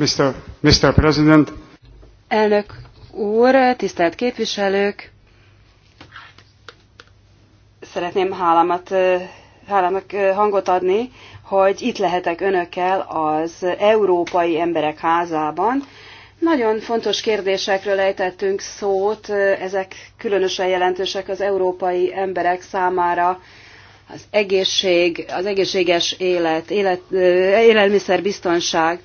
Mr. Mr. President. Elnök úr, tisztelt képviselők! Szeretném hálámat, hálámak hangot adni, hogy itt lehetek önökkel az Európai Emberek Házában. Nagyon fontos kérdésekről ejtettünk szót, ezek különösen jelentősek az európai emberek számára az egészség, az egészséges élet, élet élelmiszerbiztonság,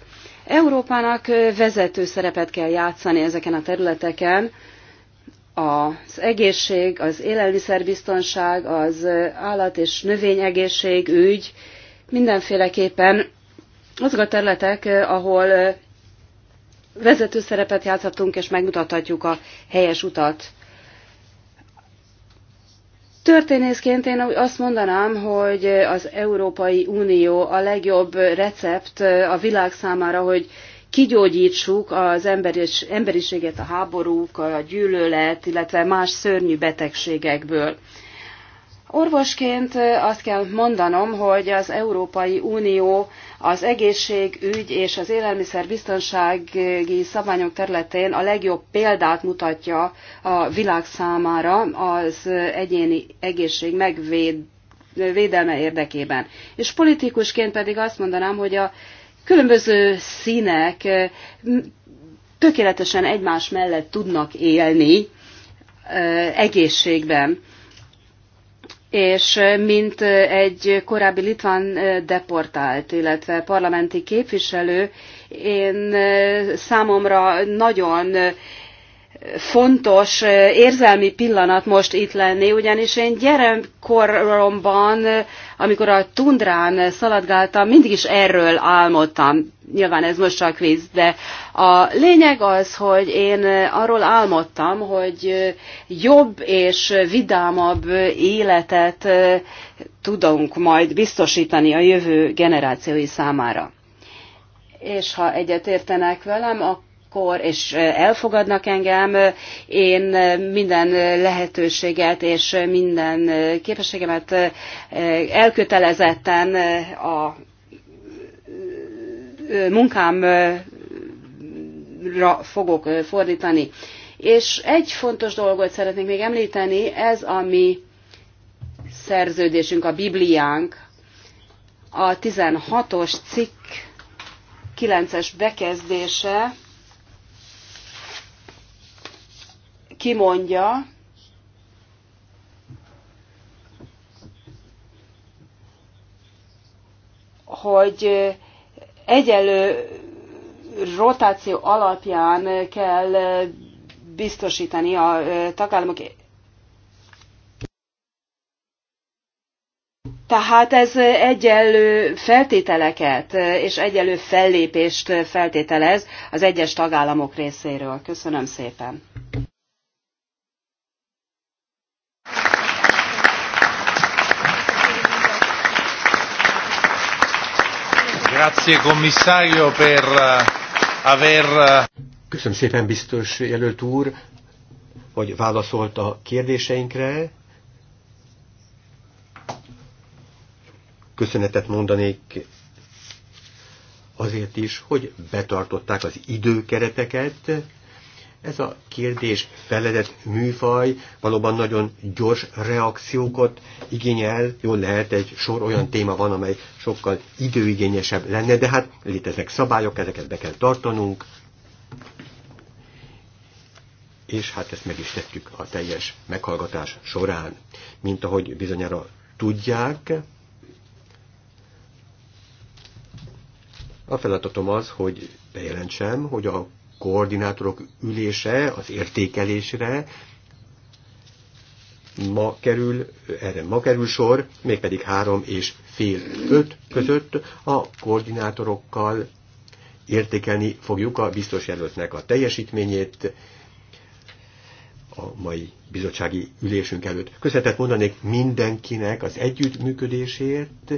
Európának vezető szerepet kell játszani ezeken a területeken, az egészség, az élelmiszerbiztonság, az állat- és növényegészség, ügy, mindenféleképpen azok a területek, ahol vezető szerepet játszhatunk, és megmutathatjuk a helyes utat Történészként én azt mondanám, hogy az Európai Unió a legjobb recept a világ számára, hogy kigyógyítsuk az emberis, emberiséget a háborúk, a gyűlölet, illetve más szörnyű betegségekből. Orvosként azt kell mondanom, hogy az Európai Unió az egészségügy és az élelmiszerbiztonsági szabványok területén a legjobb példát mutatja a világ számára az egyéni egészség megvédelme érdekében. És politikusként pedig azt mondanám, hogy a különböző színek tökéletesen egymás mellett tudnak élni egészségben és mint egy korábbi litván deportált, illetve parlamenti képviselő, én számomra nagyon fontos érzelmi pillanat most itt lenni, ugyanis én gyerekkoromban, amikor a tundrán szaladgáltam, mindig is erről álmodtam. Nyilván ez most csak víz, de a lényeg az, hogy én arról álmodtam, hogy jobb és vidámabb életet tudunk majd biztosítani a jövő generációi számára. És ha egyetértenek velem, akkor akkor, és elfogadnak engem, én minden lehetőséget és minden képességemet elkötelezetten a munkámra fogok fordítani. És egy fontos dolgot szeretnék még említeni, ez a mi szerződésünk, a Bibliánk, a 16-os cikk 9-es bekezdése, kimondja, hogy egyelő rotáció alapján kell biztosítani a tagállamok. Tehát ez egyenlő feltételeket és egyenlő fellépést feltételez az egyes tagállamok részéről. Köszönöm szépen. Grazie commissario per eh, aver... Eh, Köszönöm szépen biztos jelölt úr, hogy válaszolt a kérdéseinkre. Köszönetet mondanék azért is, hogy betartották az időkereteket, ez a kérdés feledett műfaj valóban nagyon gyors reakciókat igényel. Jó lehet, egy sor olyan téma van, amely sokkal időigényesebb lenne, de hát léteznek szabályok, ezeket be kell tartanunk. És hát ezt meg is tettük a teljes meghallgatás során. Mint ahogy bizonyára tudják, a feladatom az, hogy bejelentsem, hogy a koordinátorok ülése az értékelésre ma kerül, erre ma kerül sor, mégpedig három és fél öt között a koordinátorokkal értékelni fogjuk a biztos jelöltnek a teljesítményét, mai bizottsági ülésünk előtt. Köszönetet mondanék mindenkinek az együttműködésért,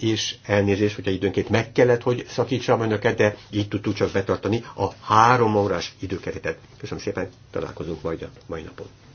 és elnézést, hogyha időnként meg kellett, hogy szakítsam önöket, de így tudtuk csak betartani a három órás időkeretet. Köszönöm szépen, találkozunk majd a mai napon.